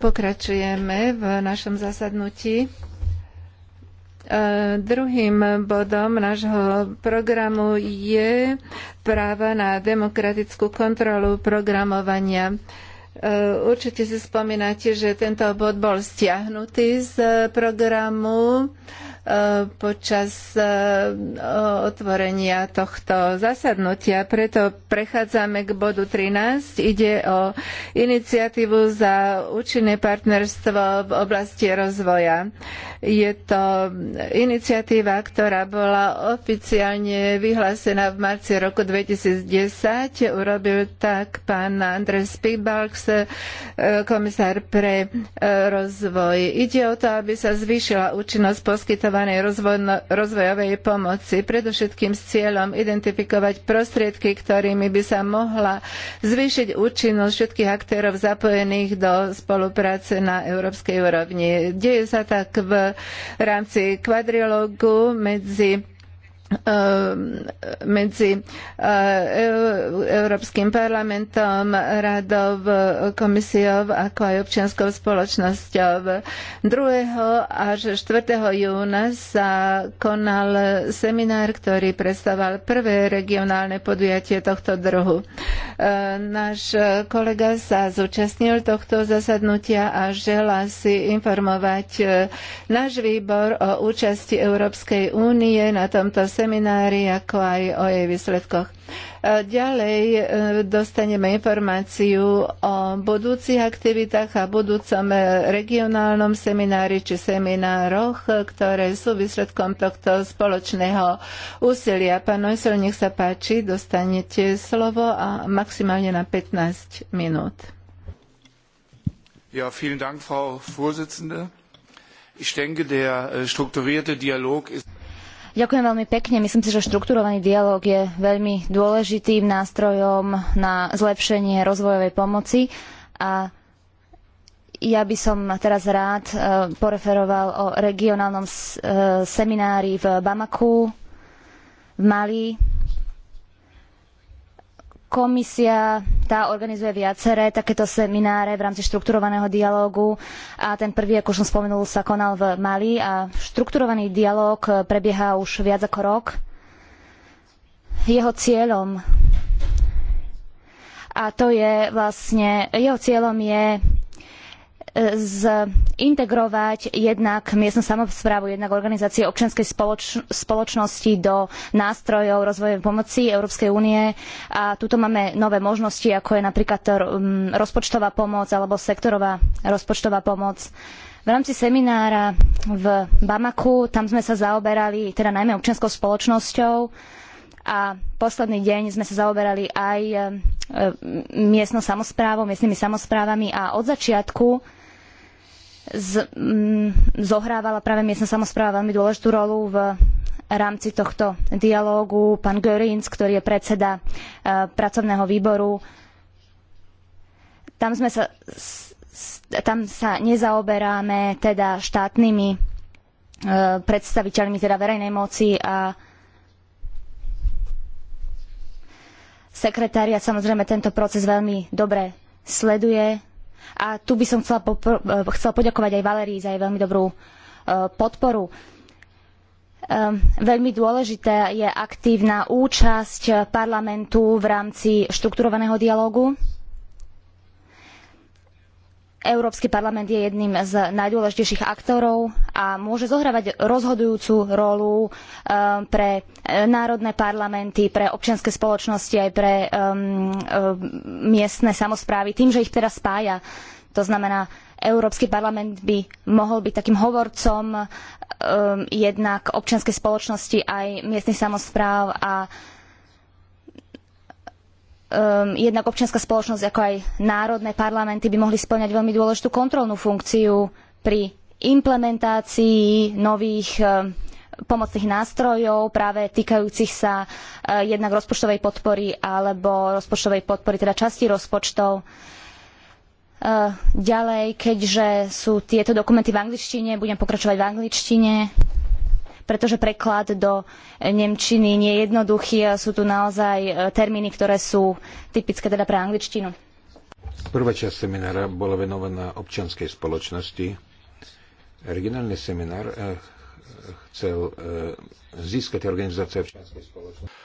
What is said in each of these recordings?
Pokračujeme v našom zasadnutí. E, druhým bodom nášho programu je práva na demokratickú kontrolu programovania. E, určite si spomínate, že tento bod bol stiahnutý z programu Eh, počas eh, otvorenia tohto zasadnutia. Preto prechádzame k bodu 13. Ide o iniciatívu za účinné partnerstvo v oblasti rozvoja. Je to iniciatíva, ktorá bola oficiálne vyhlásená v marci roku 2010. Urobil tak pán Andres Piebalgs, eh, komisár pre rozvoj. Ide o to, aby sa zvýšila účinnosť poskytovania integrovanej rozvojovej pomoci, predovšetkým s cieľom identifikovať prostriedky, ktorými by sa mohla zvýšiť účinnosť všetkých aktérov zapojených do spolupráce na európskej úrovni. Deje sa tak v rámci kvadrilógu medzi Ehm, medzi eh, Európskym parlamentom, radov, komisiou, ako aj občianskou spoločnosťou. 2. až 4. júna sa konal seminár, ktorý predstavoval prvé regionálne podujatie tohto druhu. Ehm, náš kolega sa zúčastnil tohto zasadnutia a želá si informovať eh, náš výbor o účasti Európskej únie na tomto seminári, ako aj o jej výsledkoch. E, ďalej e, dostaneme informáciu o budúcich aktivitách a budúcom e, regionálnom seminári či seminároch, ktoré sú výsledkom tohto spoločného úsilia. Pán Ojsel, nech sa páči, dostanete slovo a maximálne na 15 minút. Ja, vielen Dank, Frau Vorsitzende. Ich denke, der äh, strukturierte Dialog ist Ďakujem veľmi pekne. Myslím si, že štrukturovaný dialog je veľmi dôležitým nástrojom na zlepšenie rozvojovej pomoci a ja by som teraz rád e, poreferoval o regionálnom e, seminári v Bamaku v Mali Komisia tá organizuje viaceré takéto semináre v rámci štrukturovaného dialógu a ten prvý, ako som spomenul, sa konal v Mali a štrukturovaný dialóg prebieha už viac ako rok. Jeho cieľom a to je vlastne, jeho cieľom je zintegrovať jednak miestnu samosprávu, jednak organizácie občianskej spoloč spoločnosti do nástrojov rozvojovej pomoci Európskej únie. A tuto máme nové možnosti, ako je napríklad rozpočtová pomoc alebo sektorová rozpočtová pomoc. V rámci seminára v Bamaku, tam sme sa zaoberali teda najmä občianskou spoločnosťou a posledný deň sme sa zaoberali aj e, miestnou samozprávou, miestnymi samozprávami a od začiatku z, mm, zohrávala práve miestna samozpráva veľmi dôležitú rolu v rámci tohto dialógu. Pán Görins, ktorý je predseda e, pracovného výboru, tam, sme sa, s, tam sa nezaoberáme teda štátnymi e, predstaviteľmi teda verejnej moci a sekretária samozrejme tento proces veľmi dobre sleduje a tu by som chcela, popr- eh, chcela poďakovať aj Valerii za jej veľmi dobrú eh, podporu. Ehm, veľmi dôležitá je aktívna účasť parlamentu v rámci štrukturovaného dialógu Európsky parlament je jedným z najdôležitejších aktorov a môže zohrávať rozhodujúcu rolu eh, pre eh, národné parlamenty, pre občianske spoločnosti aj pre eh, miestne samosprávy tým, že ich teraz spája. To znamená, Európsky parlament by mohol byť takým hovorcom jednak občianskej spoločnosti aj miestnych samospráv a um, jednak občianská spoločnosť, ako aj národné parlamenty by mohli spĺňať veľmi dôležitú kontrolnú funkciu pri implementácii nových um, pomocných nástrojov práve týkajúcich sa uh, jednak rozpočtovej podpory alebo rozpočtovej podpory, teda časti rozpočtov. Uh, ďalej, keďže sú tieto dokumenty v angličtine, budem pokračovať v angličtine pretože preklad do nemčiny nie je jednoduchý a sú tu naozaj e, termíny, ktoré sú typické teda pre angličtinu. Prvá časť seminára bola venovaná občianskej spoločnosti. Originálny seminár e, chcel e, získať organizácia občianskej spoločnosti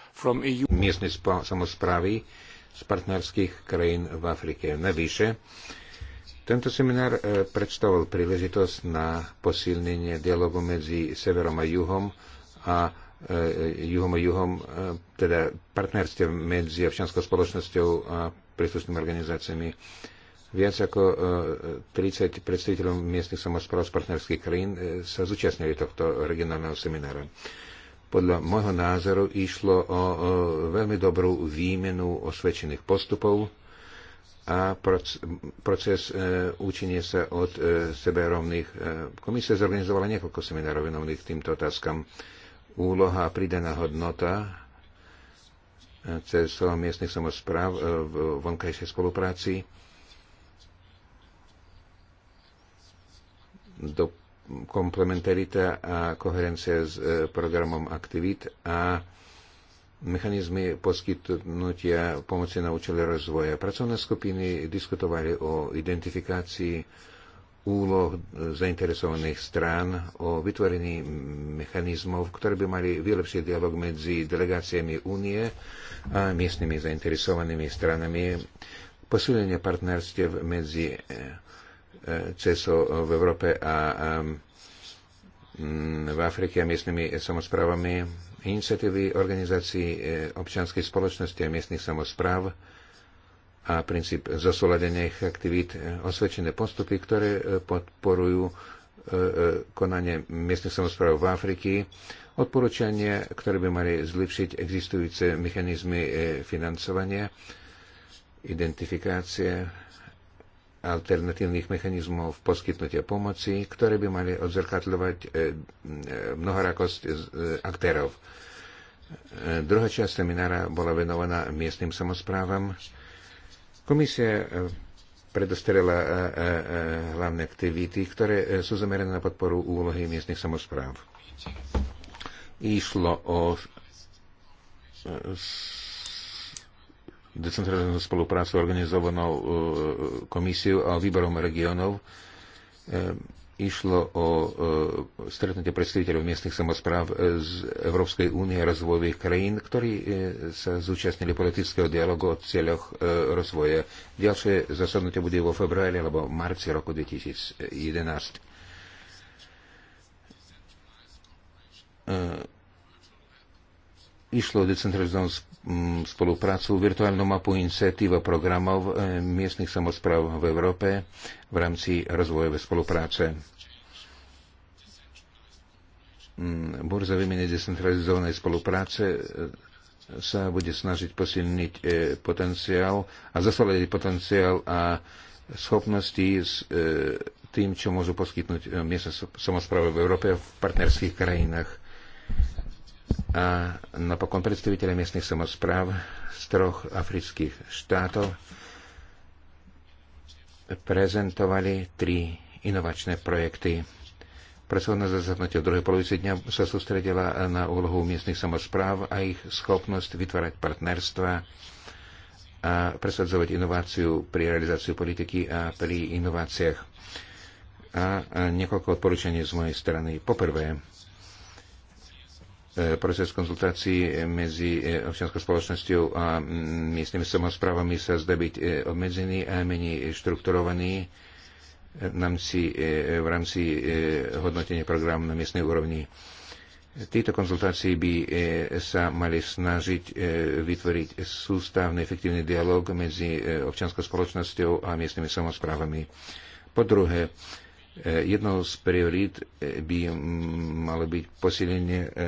miestnej samozprávy z partnerských krajín v Afrike. Navyše, tento seminár e, predstavoval príležitosť na posilnenie dialogu medzi severom a juhom a e, juhom a juhom, e, teda partnerstiev medzi občianskou spoločnosťou a príslušnými organizáciami. Viac ako 30 predstaviteľov miestnych samozpráv z partnerských krajín sa zúčastnili tohto regionálneho seminára. Podľa môjho názoru išlo o veľmi dobrú výmenu osvedčených postupov, a proces učenia e, sa od e, sebe rovných. E, Komisia zorganizovala niekoľko seminárov venovaných týmto otázkam. Úloha a pridaná hodnota cez miestnych samozpráv v vonkajšej spolupráci. Do komplementarita a koherencia s programom aktivít a mechanizmy poskytnutia pomoci na účely rozvoja. Pracovné skupiny diskutovali o identifikácii úloh zainteresovaných strán, o vytvorení mechanizmov, ktoré by mali vylepšiť dialog medzi delegáciami únie a miestnymi zainteresovanými stranami, posilnenie partnerstiev medzi eh, CESO v Európe a eh, v Afrike a miestnymi samozprávami, iniciatívy organizácií e, občianskej spoločnosti a miestnych samozpráv a princíp zosúladenia ich aktivít, e, osvedčené postupy, ktoré e, podporujú konanie miestnych samozpráv v Afriky, odporúčania, ktoré by mali zlepšiť existujúce mechanizmy financovania, identifikácie alternatívnych mechanizmov poskytnutia pomoci, ktoré by mali odzrkadľovať e, e, mnohorakosť e, aktérov. Druhá časť seminára bola venovaná miestnym samozprávam. Komisia predostrela hlavné aktivity, ktoré sú zamerané na podporu úlohy miestnych samozpráv. Išlo o decentralizovanú spoluprácu organizovanou e, e, komisiou a výborom regionov. E, išlo o stretnutie predstaviteľov miestnych samozpráv z Európskej únie a rozvojových krajín, ktorí sa zúčastnili politického dialogu o cieľoch rozvoja. Ďalšie zasadnutie bude vo februári alebo marci roku 2011 išlo o decentralizovanú Mm, spoluprácu, virtuálnu mapu iniciatív a programov e, miestnych samozpráv v Európe v rámci rozvojovej spolupráce. Mm, burza výmene decentralizovanej spolupráce e, sa bude snažiť posilniť e, potenciál a zasoladiť potenciál a schopnosti s tým, čo môžu poskytnúť miestne samozprávy v Európe a v partnerských krajinách a napokon predstaviteľe miestnych samozpráv z troch afrických štátov prezentovali tri inovačné projekty. Pracovná zasadnutie v druhej polovici dňa sa sústredila na úlohu miestnych samozpráv a ich schopnosť vytvárať partnerstva a presadzovať inováciu pri realizáciu politiky a pri inováciách. A niekoľko odporúčaní z mojej strany. Poprvé, E, proces konzultácií medzi e, občianskou spoločnosťou a miestnymi samozprávami sa zdá byť e, obmedzený a menej štrukturovaný v rámci hodnotenia programu na miestnej úrovni. Tieto konzultácie by sa mali snažiť vytvoriť sústavný efektívny dialog medzi občianskou spoločnosťou a miestnymi samozprávami. Po druhé, Eh, jednou z priorít eh, by malo byť posilenie eh,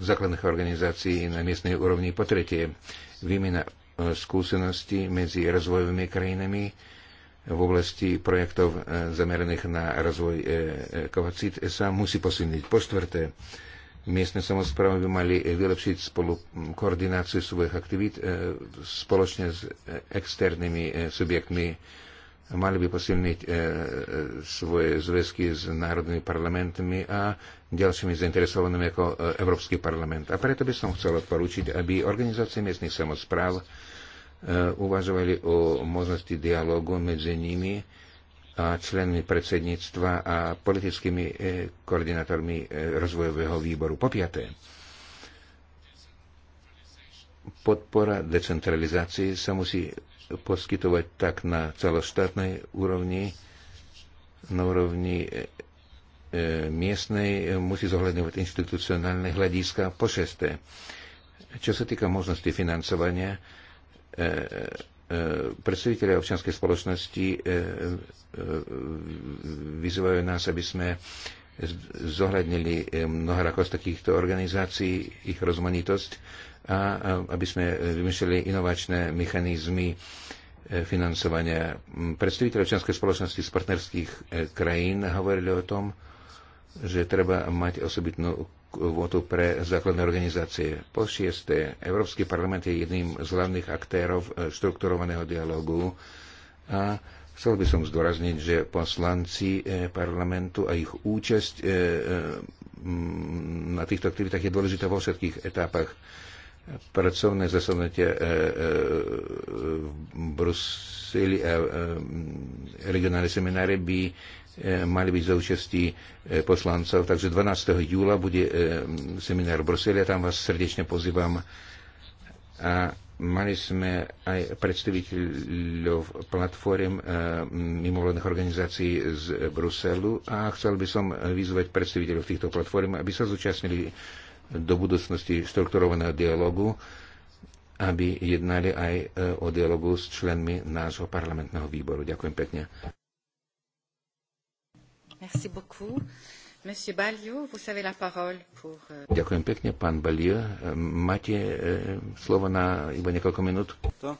základných organizácií na miestnej úrovni. Po tretie, výmena skúsenosti medzi rozvojovými krajinami v oblasti projektov zameraných na rozvoj kapacít sa musí posilniť. Po štvrté, miestne samozprávy by mali vylepšiť spolu hm, koordináciu svojich aktivít spoločne s externými subjektmi mali by posilniť e, e, svoje zväzky s národnými parlamentmi a ďalšími zainteresovanými ako e, Európsky parlament. A preto by som chcel odporúčiť, aby organizácie miestnych samozpráv e, uvažovali o možnosti dialogu medzi nimi a členmi predsedníctva a politickými e, koordinátormi e, rozvojového výboru. Po piaté, podpora decentralizácie sa musí poskytovať tak na celoštátnej úrovni, na úrovni e, e, miestnej, e, musí zohľadňovať institucionálne hľadiska. Po šesté, čo sa týka možnosti financovania, predstaviteľe občianskej spoločnosti vyzývajú nás, aby sme zohľadnili mnoha z takýchto organizácií, ich rozmanitosť a aby sme vymysleli inovačné mechanizmy e, financovania. Predstaviteľ občianskej spoločnosti z partnerských e, krajín hovorili o tom, že treba mať osobitnú kvotu pre základné organizácie. Po šieste, Európsky parlament je jedným z hlavných aktérov e, štrukturovaného dialogu a chcel by som zdôrazniť, že poslanci parlamentu a ich účasť na týchto aktivitách je dôležitá vo všetkých etapách pracovné zasadnutie e, e, v Bruseli a e, regionálne semináre by mali byť za účasti poslancov. Takže 12. júla bude seminár v Bruseli a tam vás srdečne pozývam. A mali sme aj predstaviteľov platform mimovládnych organizácií z Bruselu a chcel by som vyzvať predstaviteľov týchto platform, aby sa zúčastnili do budúcnosti štrukturovaného dialogu, aby jednali aj e, o dialogu s členmi nášho parlamentného výboru. Ďakujem pekne. Merci beaucoup. Monsieur Balio, vous avez la parole pour... E, ďakujem pekne, pán Balio. Máte e, slovo na iba niekoľko minút. To?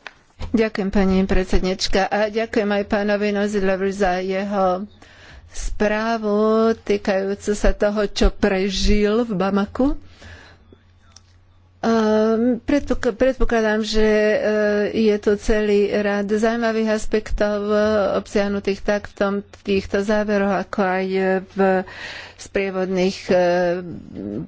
Ďakujem, pani predsednička. A ďakujem aj pánovi Nozilovi za jeho správu týkajúcu sa toho, čo prežil v Bamaku. Ehm, predpokladám, že eh, je tu celý rád zaujímavých aspektov eh, obsiahnutých tak v tom, týchto záveroch, ako aj eh, v sprievodných e,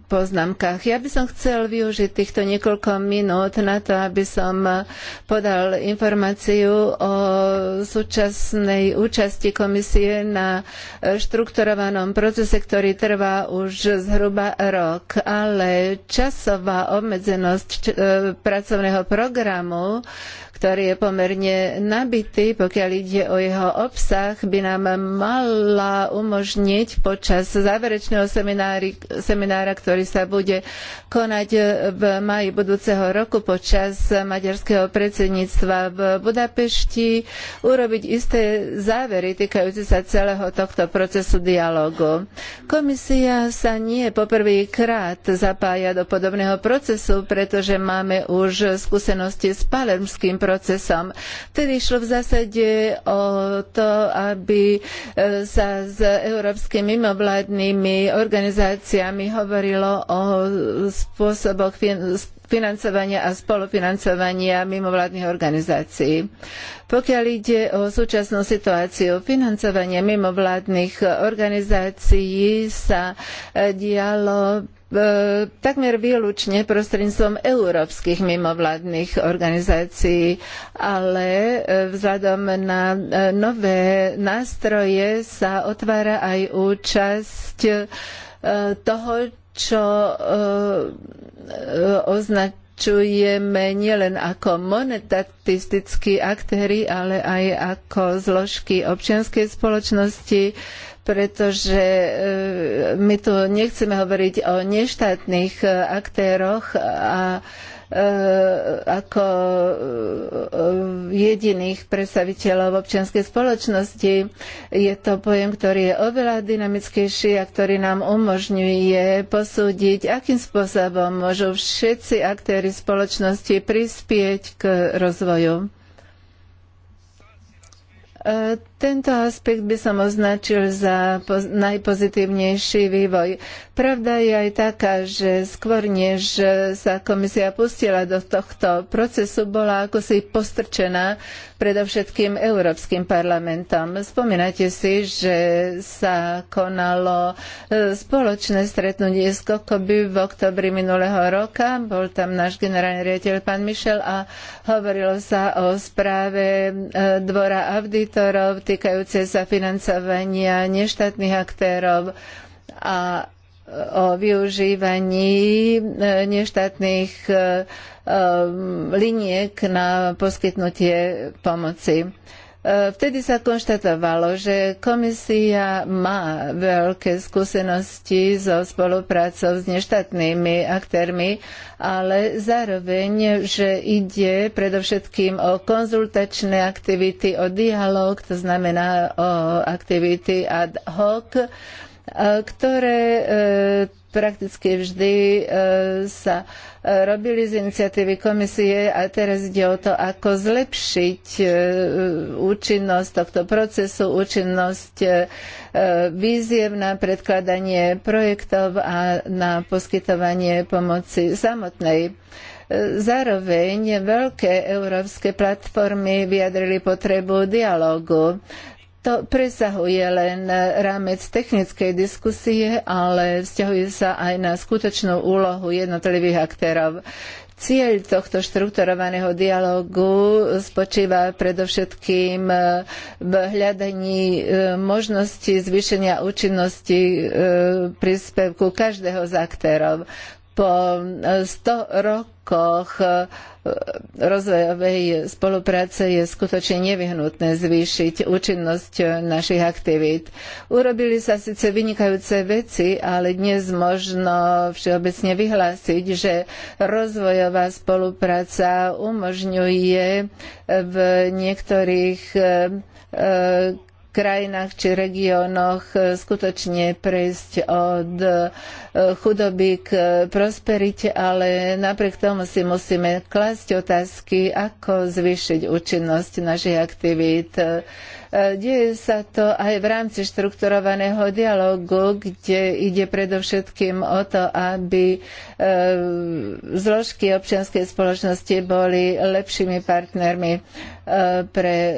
poznámkach. Ja by som chcel využiť týchto niekoľko minút na to, aby som e, podal informáciu o súčasnej účasti komisie na e, štrukturovanom procese, ktorý trvá už zhruba rok. Ale časová obmedzenosť pracovného programu, ktorý je pomerne nabitý, pokiaľ ide o jeho obsah, by nám mala umožniť počas záverečného záverečného seminári, seminára, ktorý sa bude konať v maji budúceho roku počas maďarského predsedníctva v Budapešti, urobiť isté závery týkajúce sa celého tohto procesu dialógu. Komisia sa nie poprvýkrát zapája do podobného procesu, pretože máme už skúsenosti s palermským procesom. Vtedy išlo v zásade o to, aby sa s európskym mimovládnym mimovládnymi organizáciami hovorilo o spôsoboch financovania a spolufinancovania mimovládnych organizácií. Pokiaľ ide o súčasnú situáciu, financovanie mimovládnych organizácií sa dialo E, takmer výlučne prostredníctvom európskych mimovládnych organizácií, ale e, vzhľadom na e, nové nástroje sa otvára aj účasť toho, čo označuje označujeme nielen ako monetaristickí aktéry, ale aj ako zložky občianskej spoločnosti, pretože e, my tu nechceme hovoriť o neštátnych e, aktéroch a Eh, ako eh, jediných predstaviteľov občianskej spoločnosti. Je to pojem, ktorý je oveľa dynamickejší a ktorý nám umožňuje posúdiť, akým spôsobom môžu všetci aktéry spoločnosti prispieť k rozvoju. Tento aspekt by som označil za najpozitívnejší vývoj. Pravda je aj taká, že skôr než sa komisia pustila do tohto procesu, bola akosi postrčená predovšetkým Európskym parlamentom. Spomínate si, že sa konalo e, spoločné stretnutie s Kokoby v oktobri minulého roka. Bol tam náš generálny riaditeľ pán Mišel a hovorilo sa o správe e, dvora Avdit auditorov týkajúce sa financovania neštátnych aktérov a o využívaní e, neštátnych e, e, liniek na poskytnutie pomoci. E, vtedy sa konštatovalo, že komisia má veľké skúsenosti so spoluprácou s neštátnymi aktérmi, ale zároveň, že ide predovšetkým o konzultačné aktivity, o dialog, to znamená o aktivity ad hoc, e, ktoré e, prakticky vždy e, sa e, robili z iniciatívy komisie a teraz ide o to, ako zlepšiť e, účinnosť tohto procesu, účinnosť výziev na predkladanie projektov a na poskytovanie pomoci samotnej. Zároveň veľké európske platformy vyjadrili potrebu dialógu to presahuje len rámec technickej diskusie, ale vzťahuje sa aj na skutočnú úlohu jednotlivých aktérov. Cieľ tohto štrukturovaného dialogu spočíva predovšetkým v hľadaní e, možnosti zvýšenia účinnosti e, príspevku každého z aktérov po 100 e, rokoch e, rozvojovej spolupráce je skutočne nevyhnutné zvýšiť účinnosť našich aktivít. Urobili sa síce vynikajúce veci, ale dnes možno všeobecne vyhlásiť, že rozvojová spolupráca umožňuje v niektorých e, krajinách či regiónoch e, skutočne prejsť od e, chudoby k prosperite, ale napriek tomu si musíme klásť otázky, ako zvýšiť účinnosť našich aktivít Deje sa to aj v rámci štrukturovaného dialogu, kde ide predovšetkým o to, aby e, zložky občianskej spoločnosti boli lepšími partnermi e, pre e,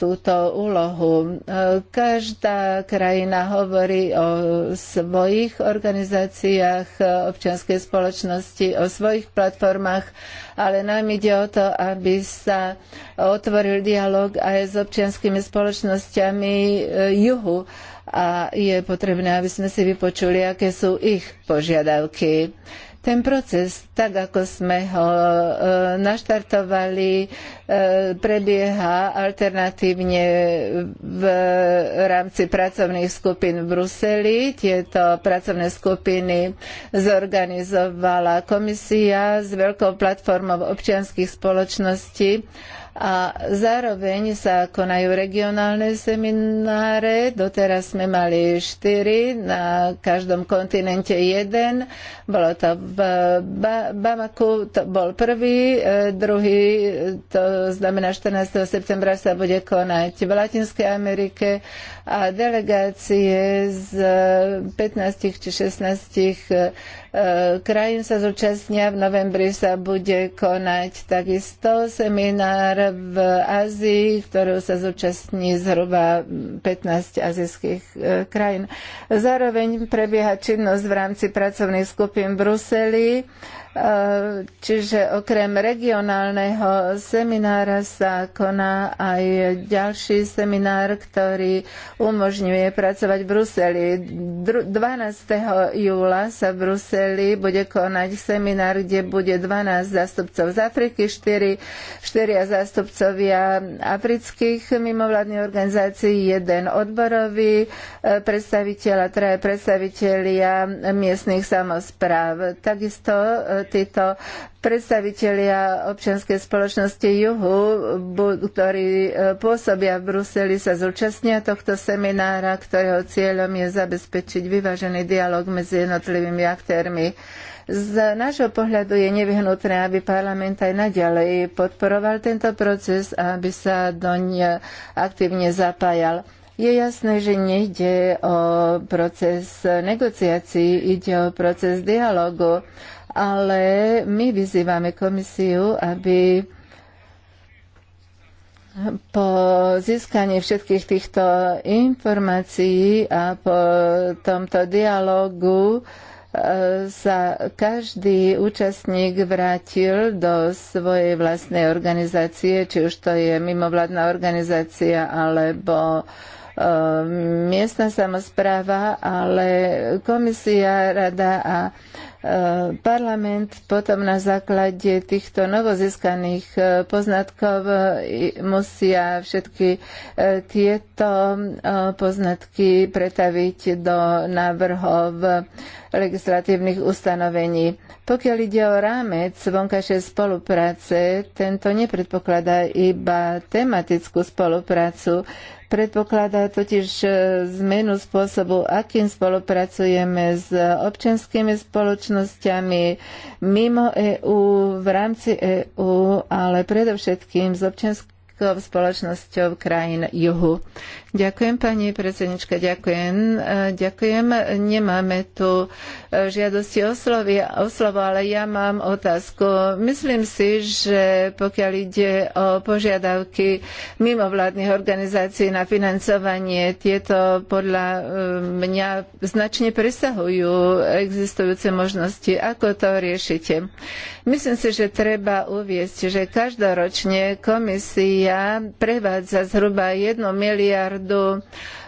túto úlohu. Každá krajina hovorí o svojich organizáciách občianskej spoločnosti, o svojich platformách ale nám ide o to, aby sa otvoril dialog aj s občianskými spoločnosťami e, juhu a je potrebné, aby sme si vypočuli, aké sú ich požiadavky. Ten proces, tak ako sme ho e, naštartovali, e, prebieha alternatívne v rámci pracovných skupín v Bruseli. Tieto pracovné skupiny zorganizovala komisia s veľkou platformou občianských spoločností a zároveň sa konajú regionálne semináre. Doteraz sme mali štyri, na každom kontinente jeden. Bolo to v Bamaku, to bol prvý, e, druhý, to znamená 14. septembra sa bude konať v Latinskej Amerike a delegácie z 15 či 16 krajín sa zúčastnia. V novembri sa bude konať takisto seminár v Ázii, ktorého sa zúčastní zhruba 15 azijských e, krajín. Zároveň prebieha činnosť v rámci pracovných skupín v Bruseli Čiže okrem regionálneho seminára sa koná aj ďalší seminár, ktorý umožňuje pracovať v Bruseli. 12. júla sa v Bruseli bude konať seminár, kde bude 12 zástupcov z Afriky, 4, 4 zástupcovia afrických mimovládnych organizácií, jeden odborový e, predstaviteľ a traja predstavitelia miestnych samozpráv. Takisto e, títo predstavitelia občianskej spoločnosti Juhu, ktorí e, pôsobia v Bruseli, sa zúčastnia tohto seminára, ktorého cieľom je zabezpečiť vyvážený dialog medzi jednotlivými aktérmi. Z nášho pohľadu je nevyhnutné, aby parlament aj naďalej podporoval tento proces a aby sa doň aktívne zapájal. Je jasné, že nejde o proces negociácií, ide o proces dialogu ale my vyzývame komisiu, aby po získaní všetkých týchto informácií a po tomto dialogu e, sa každý účastník vrátil do svojej vlastnej organizácie, či už to je mimovládna organizácia alebo e, miestna samozpráva, ale komisia, rada a Eh, parlament potom na základe týchto novozískaných eh, poznatkov eh, musia všetky tieto poznatky pretaviť do návrhov legislatívnych ustanovení. Pokiaľ ide o rámec vonkajšej spolupráce, tento nepredpokladá iba tematickú spoluprácu, Predpokladá totiž e, zmenu spôsobu, akým spolupracujeme s občanskými spoločnosťami mimo EÚ, v rámci EÚ, ale predovšetkým s občanskými výrobkov spoločnosťou krajín juhu. Ďakujem, pani predsednička, ďakujem. E, ďakujem. Nemáme tu e, žiadosti o, o slovo, ale ja mám otázku. Myslím si, že pokiaľ ide o požiadavky mimovládnych organizácií na financovanie, tieto podľa e, mňa značne presahujú existujúce možnosti. Ako to riešite? Myslím si, že treba uviesť, že každoročne komisia komisia prevádza zhruba 1 miliardu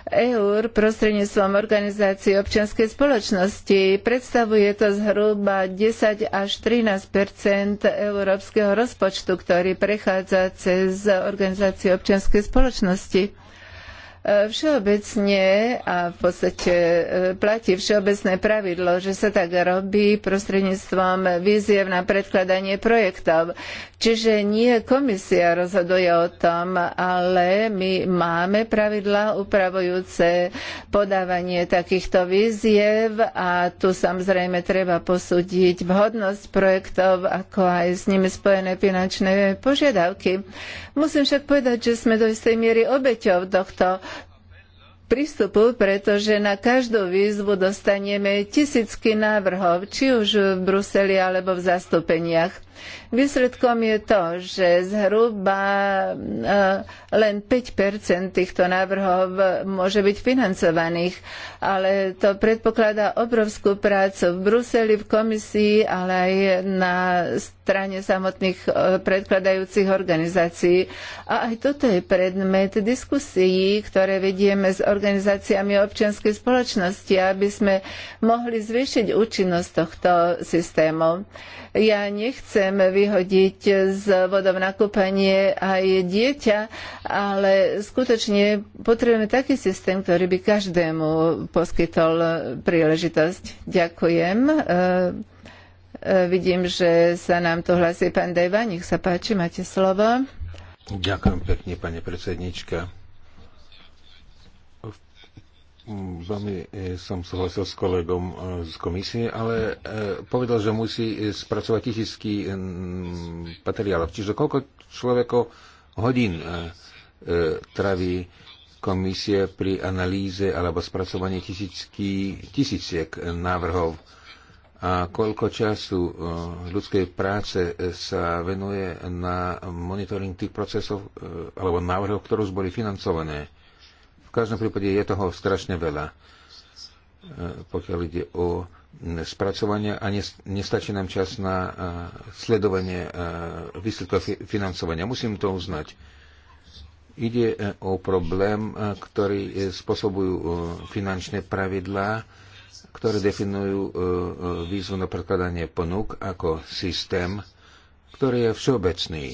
eur prostredníctvom organizácií občianskej spoločnosti. Predstavuje to zhruba 10 až 13 európskeho rozpočtu, ktorý prechádza cez organizáciu občianskej spoločnosti. E, všeobecne a v podstate e, platí všeobecné pravidlo, že sa tak robí prostredníctvom víziev na predkladanie projektov. Čiže nie komisia rozhoduje o tom, ale my máme pravidlá upravujúce podávanie takýchto víziev a tu samozrejme treba posúdiť vhodnosť projektov, ako aj s nimi spojené finančné požiadavky. Musím však povedať, že sme do istej miery obeťou tohto prístupu, pretože na každú výzvu dostaneme tisícky návrhov, či už v Bruseli alebo v zastúpeniach. Výsledkom je to, že zhruba e, len 5 týchto návrhov môže byť financovaných, ale to predpokladá obrovskú prácu v Bruseli, v komisii, ale aj na strane samotných e, predkladajúcich organizácií. A aj toto je predmet diskusií, ktoré vedieme s organizáciami organizáciami občianskej spoločnosti, aby sme mohli zvýšiť účinnosť tohto systému. Ja nechcem vyhodiť z vodov na kúpanie aj dieťa, ale skutočne potrebujeme taký systém, ktorý by každému poskytol príležitosť. Ďakujem. E, e, vidím, že sa nám tu hlasí pán Deva. Nech sa páči, máte slovo. Ďakujem pekne, pani predsednička. Veľmi mm, som súhlasil s kolegom e, z komisie, ale e, povedal, že musí e, spracovať tisícky materiálov. Čiže koľko človeko hodín traví komisie pri analýze alebo spracovaní tisícky, tisíciek návrhov a koľko času ľudskej práce sa venuje na monitoring tých procesov alebo návrhov, ktoré už boli financované každom prípade je toho strašne veľa, e, pokiaľ ide o spracovanie a nestačí nám čas na e, sledovanie e, výsledkov financovania. Musím to uznať. Ide o problém, ktorý spôsobujú finančné pravidlá, ktoré definujú výzvu na prekladanie ponúk ako systém, ktorý je všeobecný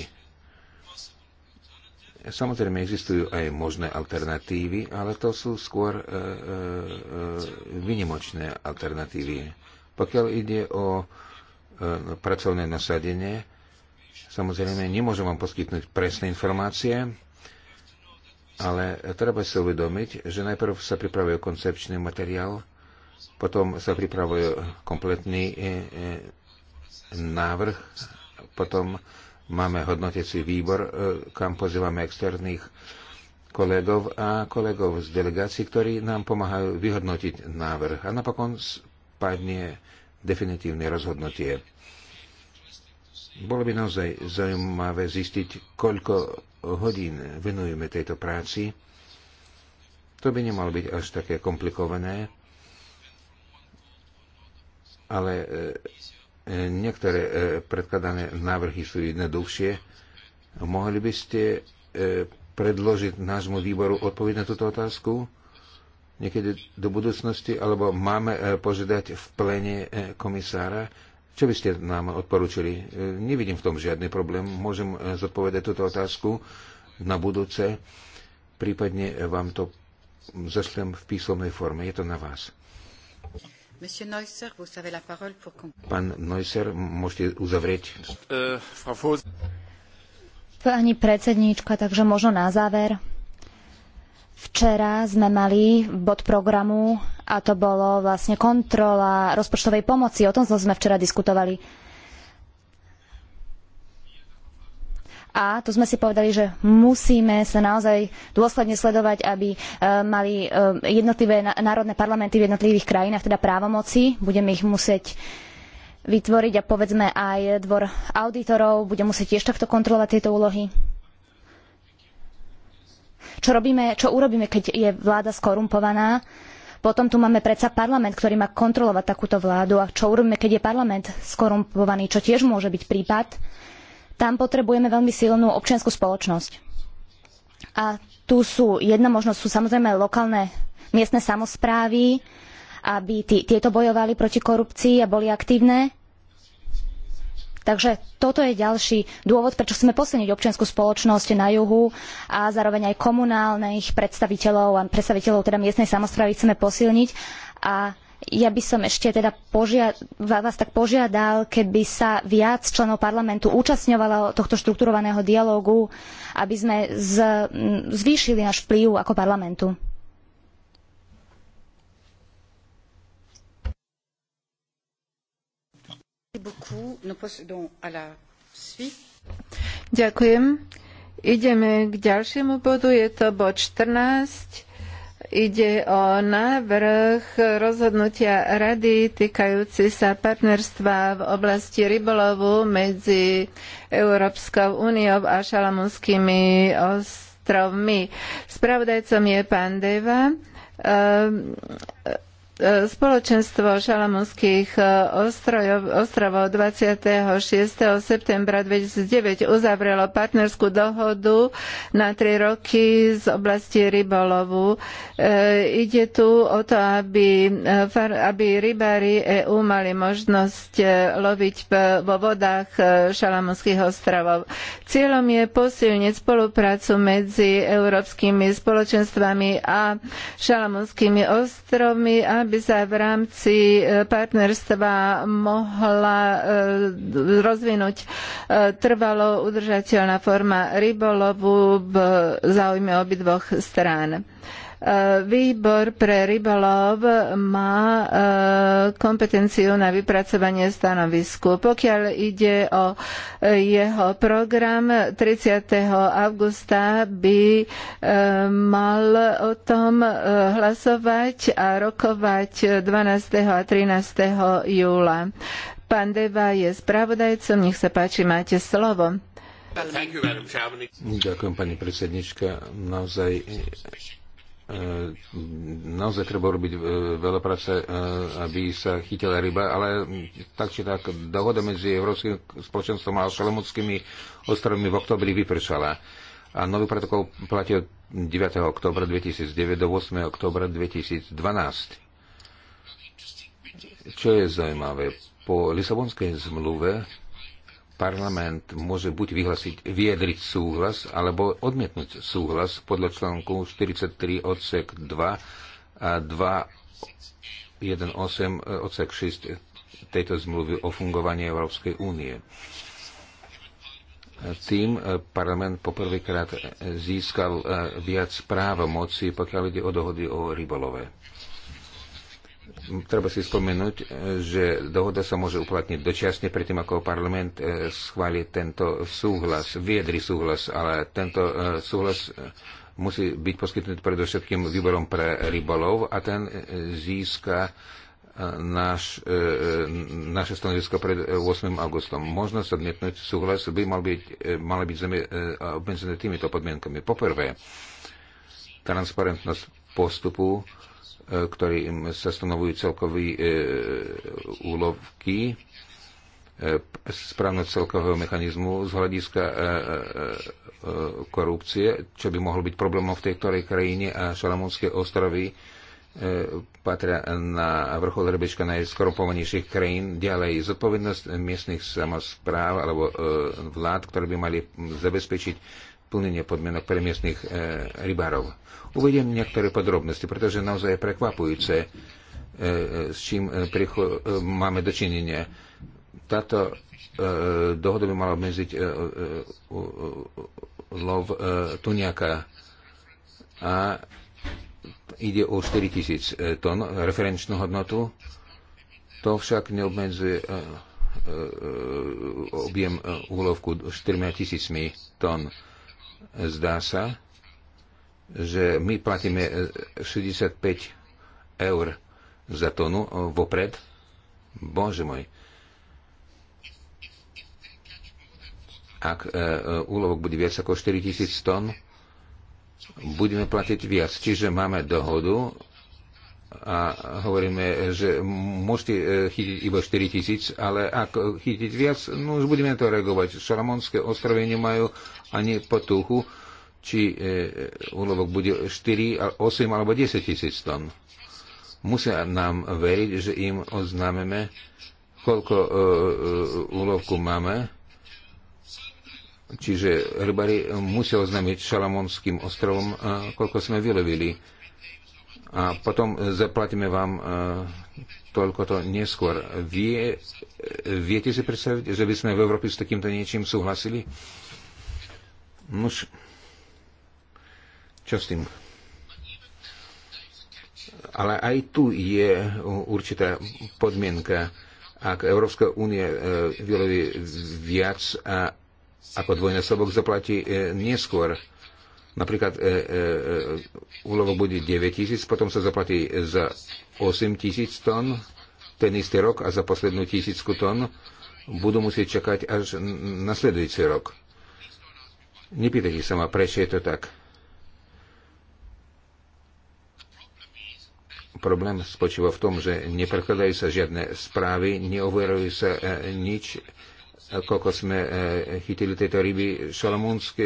Samozrejme, existujú aj možné alternatívy, ale to sú skôr e, e, e, vynimočné alternatívy. Pokiaľ ide o e, pracovné nasadenie, samozrejme, nemôžem vám poskytnúť presné informácie, ale treba si uvedomiť, že najprv sa pripravuje koncepčný materiál, potom sa pripravuje kompletný e, e, návrh, potom e, Máme hodnotecí výbor, e, kam pozývame externých kolegov a kolegov z delegácií, ktorí nám pomáhajú vyhodnotiť návrh. A napokon spadne definitívne rozhodnutie. Bolo by naozaj zaujímavé zistiť, koľko hodín venujeme tejto práci. To by nemalo byť až také komplikované, ale e, Niektoré e, predkladané návrhy sú jednoduchšie. Mohli by ste e, predložiť nášmu výboru odpoveď na túto otázku? Niekedy do budúcnosti? Alebo máme e, požiadať v plene komisára? Čo by ste nám odporúčili? Nevidím v tom žiadny problém. Môžem zodpovedať túto otázku na budúce. Prípadne vám to zašlem v písomnej forme. Je to na vás. Neusser, pour... Pán Neusser, môžete uzavrieť. Pani predsedníčka, takže možno na záver. Včera sme mali bod programu a to bolo vlastne kontrola rozpočtovej pomoci. O tom sme včera diskutovali A tu sme si povedali, že musíme sa naozaj dôsledne sledovať, aby e, mali e, jednotlivé národné parlamenty v jednotlivých krajinách teda právomoci. Budeme ich musieť vytvoriť a povedzme aj dvor auditorov bude musieť tiež takto kontrolovať tieto úlohy. Čo, robíme, čo urobíme, keď je vláda skorumpovaná? Potom tu máme predsa parlament, ktorý má kontrolovať takúto vládu. A čo urobíme, keď je parlament skorumpovaný, čo tiež môže byť prípad? tam potrebujeme veľmi silnú občiansku spoločnosť. A tu sú, jedna možnosť sú samozrejme lokálne miestne samosprávy, aby tí, tieto bojovali proti korupcii a boli aktívne. Takže toto je ďalší dôvod, prečo chceme posilniť občiansku spoločnosť na juhu a zároveň aj komunálnych predstaviteľov a predstaviteľov teda miestnej samozprávy chceme posilniť a ja by som ešte teda vás tak požiadal, keby sa viac členov parlamentu účastňovalo tohto štrukturovaného dialógu, aby sme z, zvýšili náš vplyv ako parlamentu. Ďakujem. Ideme k ďalšiemu bodu, je to bod 14 Ide o návrh rozhodnutia rady týkajúci sa partnerstva v oblasti rybolovu medzi Európskou úniou a Šalamúnskymi ostrovmi. Spravodajcom je pán Deva. Ehm, E, spoločenstvo Šalamonských ostrovov 26. septembra 2009 uzavrelo partnerskú dohodu na tri roky z oblasti rybolovu. E, ide tu o to, aby, e, aby rybári EÚ mali možnosť loviť vo vodách Šalamonských ostrovov. Cieľom je posilniť spoluprácu medzi európskymi spoločenstvami a Šalamonskými ostrovmi a by sa v rámci e, partnerstva mohla e, rozvinúť e, trvalo udržateľná forma rybolovu v záujme obidvoch strán. Eh, výbor pre rybolov má eh, kompetenciu na vypracovanie stanovisku. Pokiaľ ide o eh, jeho program, 30. augusta by mal o tom hlasovať a rokovať 12. a 13. júla. Pán Deva je spravodajcom, nech sa páči, máte slovo. Ďakujem, pani predsednička. Naozaj E, naozaj treba robiť e, veľa práce, e, aby sa chytila ryba, ale tak či tak dohoda medzi Európskym spoločenstvom a Šalamúckými ostrovmi v oktobri vypršala. A nový protokol platí od 9. oktobra 2009 do 8. oktobra 2012. Čo je zaujímavé, po Lisabonskej zmluve parlament môže buď vyhlasiť, vyjadriť súhlas, alebo odmietnúť súhlas podľa článku 43 odsek 2 a 2 1.8 e, odsek 6 tejto zmluvy o fungovaní Európskej únie. E, tým e, parlament poprvýkrát získal viac práv moci, pokiaľ ide o dohody o rybolove treba si spomenúť, e, že dohoda sa môže uplatniť dočasne predtým, ako parlament e, schváli tento súhlas, viedri súhlas, ale tento e, súhlas musí byť poskytnutý predovšetkým výborom pre rybolov a ten získa naš, naše stanovisko pred 8. augustom. sa odmietnúť súhlas by mal byť, mal byť obmedzené týmito podmienkami. Poprvé, transparentnosť postupu E, ktorým sa stanovujú celkové e, úlovky e, správneho celkového mechanizmu z hľadiska korupcie, čo by mohlo byť problémom v tej krajine a Šalamúnske ostrovy patria na vrchol rebečka najskorumpovanejších krajín. Ďalej, zodpovednosť miestnych samozpráv alebo vlád, ktoré by mali zabezpečiť plnenie podmienok pre miestných e, rybárov. Uvediem niektoré podrobnosti, pretože naozaj je prekvapujúce, e, e s čím e, prichu, e, máme dočinenie. Táto e, dohoda by mala obmedziť e, e, lov e, tuniaka a ide o 4000 e, tón referenčnú hodnotu. To však neobmedzuje e, e, e objem e, úlovku 4000 tón zdá sa, že my platíme 65 e, eur za tonu e, vopred. Bože môj. Ak e, e úlovok bude viac ako 4000 tón, budeme platiť viac. Čiže máme dohodu a hovoríme, že môžete chytiť iba 4 tisíc, ale ak chytiť viac, no už budeme to reagovať. Šalamonské ostrovy nemajú ani potuchu, či e, úlovok bude 4, 8 alebo 10 tisíc tón. Musia nám veriť, že im oznámeme, koľko e, e, úlovku máme. Čiže rybári musia oznámiť Šalamonským ostrovom, e, koľko sme vylovili a potom e, zaplatíme vám e, toľko to neskôr. Vie, e, viete si predstaviť, že by sme v Európe s takýmto niečím súhlasili? Nož, čo s tým? Ale aj tu je určitá podmienka. Ak Európska únia vyloví viac a ako dvojnásobok zaplatí neskôr, Napríklad e, e, e, úlovok bude 9 tisíc, potom sa zaplatí za 8 tisíc tón ten istý rok a za poslednú tisícku tón budú musieť čakať až nasledujúci rok. Nepýtajte sa ma, prečo je to tak. Problém spočíva v tom, že neprekladajú sa žiadne správy, neoverujú sa e, nič, koľko sme e, chytili tejto ryby. Šalamúnske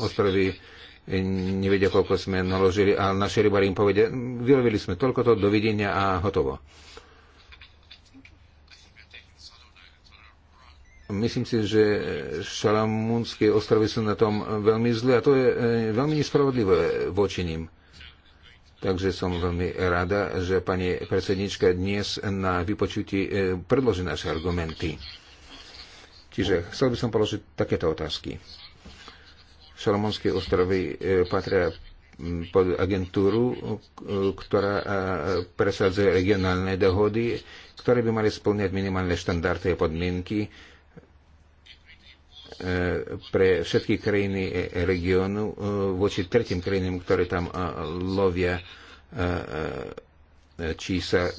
ostrovy e, nevedia, koľko sme naložili, ale naši rybári im povedia, vylovili sme toľko to, dovidenia a hotovo. Myslím si, že šalamúnske ostrovy sú na tom veľmi zle a to je e, veľmi nespravodlivé voči ním. Takže som veľmi rada, že pani predsednička dnes na vypočutí predloží naše argumenty. Čiže chcel by som položiť takéto otázky. Šalomonské ostrovy e, patria pod agentúru, e, ktorá e, presadzuje regionálne dohody, ktoré by mali splňať minimálne štandardy a podmienky pre všetky krajiny regiónu voči tretím krajinám, ktoré tam lovia či sa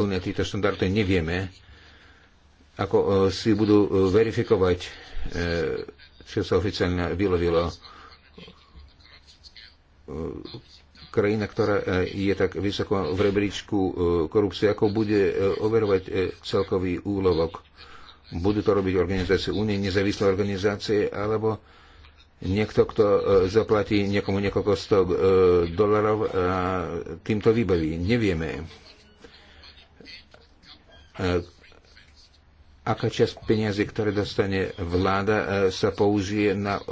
plnia títo štandardy, nevieme ako e, si budú e, verifikovať, e, čo sa oficiálne vylovilo E, krajina, ktorá e, je tak vysoko v rebríčku e, korupcie, ako bude e, overovať e, celkový úlovok. Budú to robiť organizácie únie, nezávislé organizácie, alebo niekto, kto e, zaplatí niekomu niekoľko sto e, dolarov a týmto vybaví. Nevieme. E, aká časť peniazy, ktoré dostane vláda, e, sa použije na e,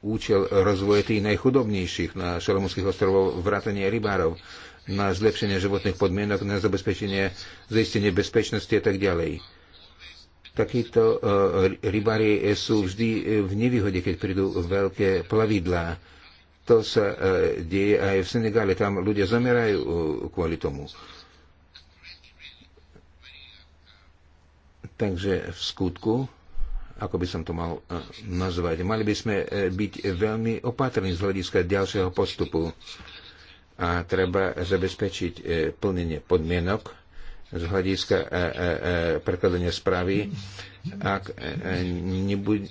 účel rozvoja tých najchudobnejších na Šalomovských ostrovov, vrátanie rybárov, na zlepšenie životných podmienok, na zabezpečenie, zaistenie bezpečnosti a tak ďalej. Takíto e, rybári sú vždy v nevýhode, keď prídu veľké plavidlá. To sa deje aj v Senegále, tam ľudia zamerajú kvôli tomu. Takže v skutku, ako by som to mal e, nazvať, mali by sme e, byť veľmi opatrní z hľadiska ďalšieho postupu a treba zabezpečiť e, plnenie podmienok z hľadiska prekladania správy, ak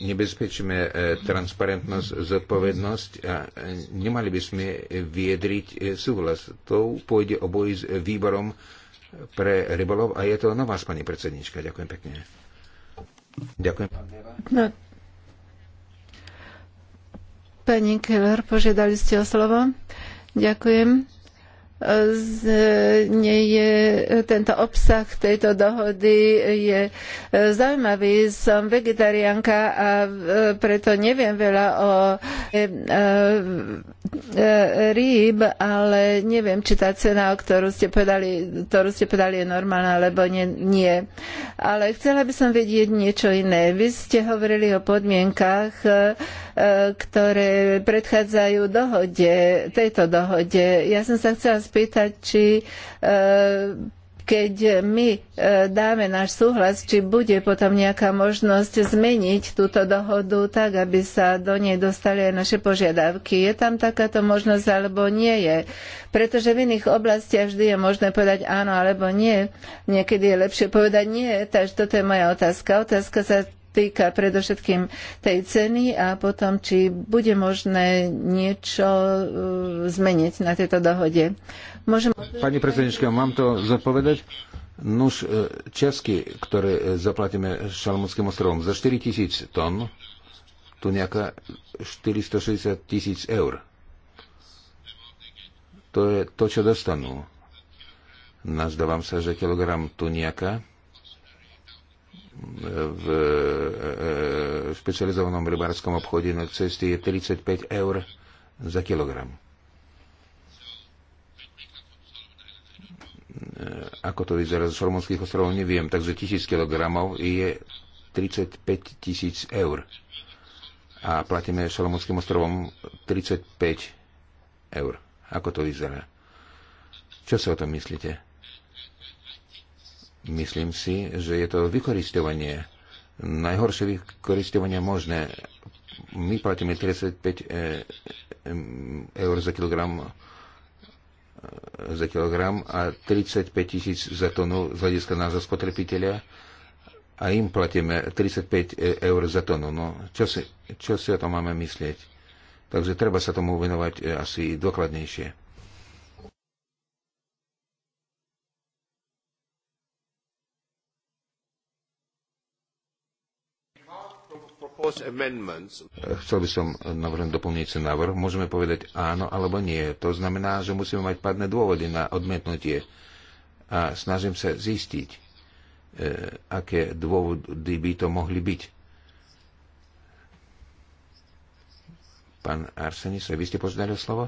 nebezpečíme transparentnosť, zodpovednosť a nemali by sme viedriť súhlas. To pôjde oboj s výborom pre rybolov a je to na vás, pani predsednička. Ďakujem pekne. Ďakujem. No. Pani Keller, požiadali ste o slovo. Ďakujem nie je tento obsah tejto dohody je e, zaujímavý. Som vegetariánka a e, preto neviem veľa o e, rýb, ale neviem, či tá cena, o ktorú ste povedali, ktorú ste povedali je normálna, alebo nie, nie. Ale chcela by som vedieť niečo iné. Vy ste hovorili o podmienkach, ktoré predchádzajú dohode, tejto dohode. Ja som sa chcela spýtať, či eh, keď my eh, dáme náš súhlas, či bude potom nejaká možnosť zmeniť túto dohodu tak, aby sa do nej dostali aj naše požiadavky. Je tam takáto možnosť alebo nie je? Pretože v iných oblastiach vždy je možné povedať áno alebo nie. Niekedy je lepšie povedať nie, takže toto je moja otázka. Otázka sa týka predovšetkým tej ceny a potom, či bude možné niečo uh, zmeniť na tejto dohode. Môžem... Pani predsednička, mám to zapovedať? Nuž, e, česky, ktoré e, zaplatíme Šalmovským ostrovom za 4 tisíc tón, tu nejaká 460 tisíc eur. To je to, čo dostanú. Nazdávam sa, že kilogram tuniaka v e, e, špecializovanom rybárskom obchode na cesty je 35 eur za kilogram. E, ako to vyzerá z Solomonských ostrovov, neviem. Takže 1000 kilogramov je 35 tisíc eur. A platíme Solomonským ostrovom 35 eur. Ako to vyzerá? Čo sa o tom myslíte? Myslím si, že je to vykoristovanie, najhoršie vykoristovanie možné. My platíme 35 e, eur za kilogram e, za kilogram a 35 tisíc za tonu z hľadiska za spotrebiteľa a im platíme 35 e, eur za tonu. No, čo si, čo si o tom máme myslieť? Takže treba sa tomu venovať asi dôkladnejšie. Chcel by som navrhnúť doplňujúci návrh. Môžeme povedať áno alebo nie. To znamená, že musíme mať padné dôvody na odmietnutie. A snažím sa zistiť, e, aké dôvody by to mohli byť. Pán Arsenis, vy ste požiadali slovo?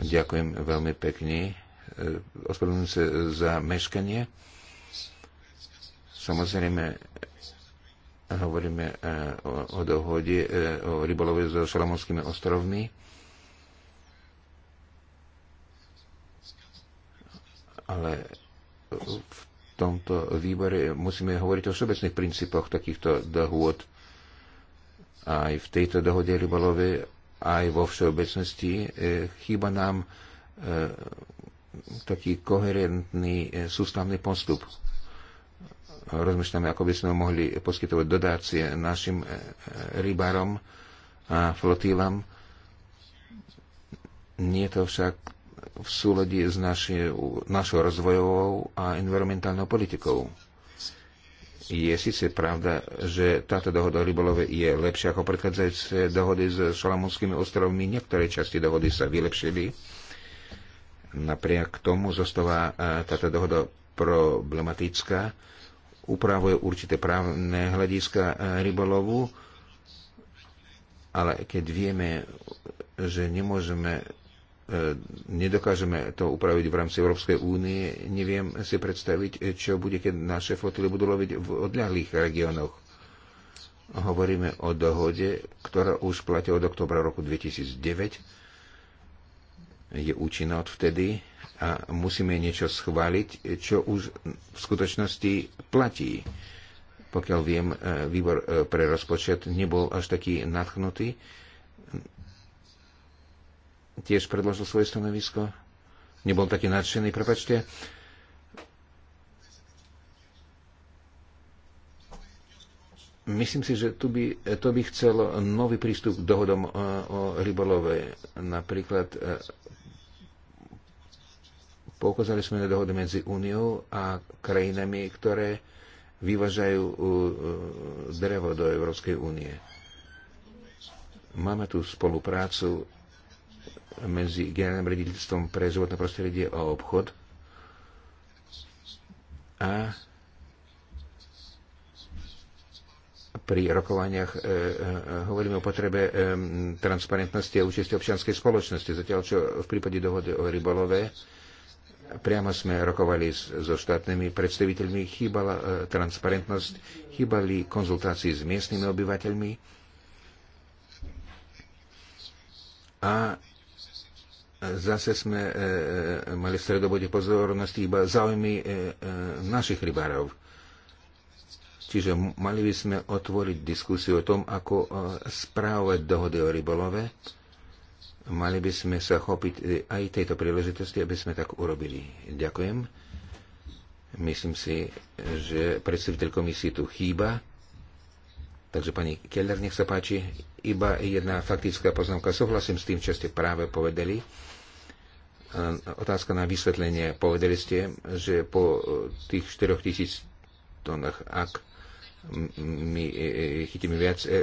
Ďakujem veľmi pekne. E, ospravedlňujem sa za meškanie. Samozrejme, Hovoríme e, o, o dohode e, o rybolove so Šalamovskými ostrovmi. Ale v tomto výbore musíme hovoriť o všeobecných princípoch takýchto dohôd. Aj v tejto dohode rybolove, aj vo všeobecnosti e, chýba nám taký koherentný sústavný postup rozmýšľame, ako by sme mohli poskytovať dodácie našim e, e, rybárom a flotívam. Nie je to však v súlodi s našou rozvojovou a environmentálnou politikou. Je síce pravda, že táto dohoda o rybolove je lepšia ako predchádzajúce dohody s Šalamúnskymi ostrovmi. Niektoré časti dohody sa vylepšili. Napriek tomu zostáva e, táto dohoda problematická upravuje určité právne hľadiska eh, rybolovu, ale keď vieme, že nemôžeme eh, nedokážeme to upraviť v rámci Európskej únie, neviem si predstaviť, eh, čo bude, keď naše flotily budú loviť v odľahlých regiónoch. Hovoríme o dohode, ktorá už platí od oktobra roku 2009 je účinná od vtedy a musíme niečo schváliť, čo už v skutočnosti platí. Pokiaľ viem, e, výbor e, pre rozpočet nebol až taký nadchnutý. Tiež predložil svoje stanovisko. Nebol taký nadšený, prepačte. Myslím si, že tu by, to by chcelo nový prístup k dohodom o, e, o rybolove. Napríklad Poukázali sme na dohody medzi Úniou a krajinami, ktoré vyvážajú uh, uh, drevo do Európskej únie. Máme tu spoluprácu medzi generálnym rediteľstvom pre životné prostredie a obchod a pri rokovaniach e, e, hovoríme o potrebe e, transparentnosti a účasti občianskej spoločnosti, zatiaľ čo v prípade dohody o rybolove e, Priamo sme rokovali so štátnymi predstaviteľmi, chýbala e, transparentnosť, chýbali konzultácie s miestnymi obyvateľmi a zase sme e, e, mali v stredobode pozornosti iba záujmy e, e, našich rybárov. Čiže mali by sme otvoriť diskusiu o tom, ako e, správovať dohody o rybolove mali by sme sa chopiť aj tejto príležitosti, aby sme tak urobili. Ďakujem. Myslím si, že predstaviteľ komisie tu chýba. Takže pani Keller, nech sa páči. Iba jedna faktická poznámka. Súhlasím s tým, čo ste práve povedali. Otázka na vysvetlenie. Povedali ste, že po tých 4000 tónach, ak my e, e, chytíme viac e,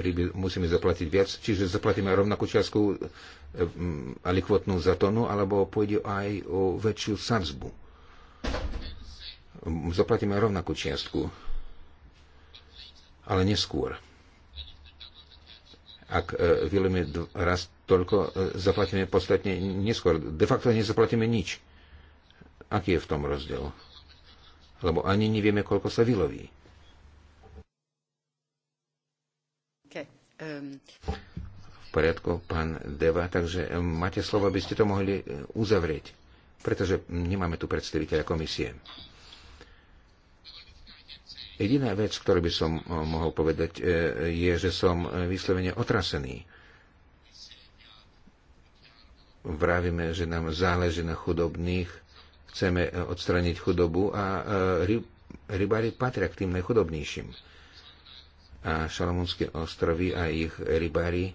ryby, musíme zaplatiť viac, čiže zaplatíme rovnakú čiastku a likvotnú za tonu, alebo pôjde aj o väčšiu sadzbu. Zaplatíme rovnakú čiastku, ale neskôr. Ak vylíme raz toľko, zaplatíme podstatne neskôr. De facto nezaplatíme nič. Aký je v tom rozdiel? lebo ani nevieme, koľko sa vyloví. Okay. Um... V poriadku, pán Deva, takže um, máte slovo, aby ste to mohli uh, uzavrieť, pretože nemáme tu predstaviteľa komisie. Jediná vec, ktorú by som uh, mohol povedať, uh, je, že som vyslovene otrasený. Vravíme, že nám záleží na chudobných, Chceme e, odstraniť chudobu a e, rybári patria k tým najchudobnejším. A Šalamúnske ostrovy a ich rybári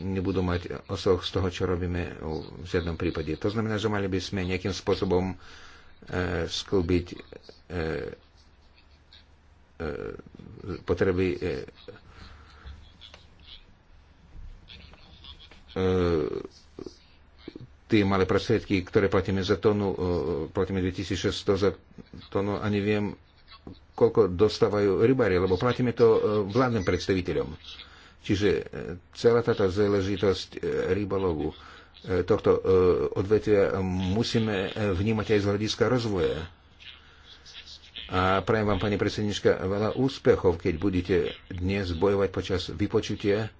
nebudú mať osoch z toho, čo robíme v žiadnom prípade. To znamená, že mali by sme nejakým spôsobom e, sklbiť e, potreby e, tie malé prostriedky, ktoré platíme za tonu, e, platíme 2600 za tonu a neviem, koľko dostávajú rybári, lebo platíme to e, vládnym predstaviteľom. Čiže e, celá táto záležitosť rybalovu tohto odvetvia musíme vnímať aj z hľadiska rozvoja. A prajem vám, pani predsednička, veľa úspechov, keď budete dnes bojovať počas vypočutia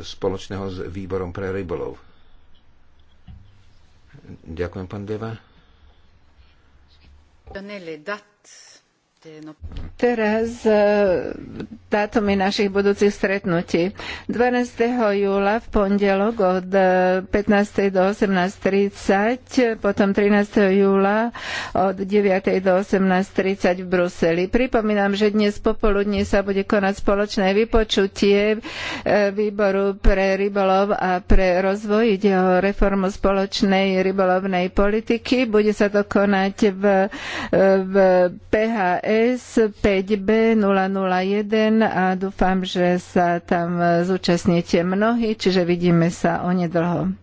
spoločného s výborom pre rybolov. Ďakujem, pán Deva. Teraz e, dátumy našich budúcich stretnutí. 12. júla v pondelok od 15. E, do 18.30, potom 13. júla od 9. do 18.30 v Bruseli. Pripomínam, že dnes popoludní sa bude konať spoločné vypočutie e, výboru pre rybolov a pre rozvoj. Ide o reformu spoločnej rybolovnej politiky. Bude sa to konať v, v PHE s 5B001 a dúfam, že sa tam zúčastníte mnohí, čiže vidíme sa onedlho.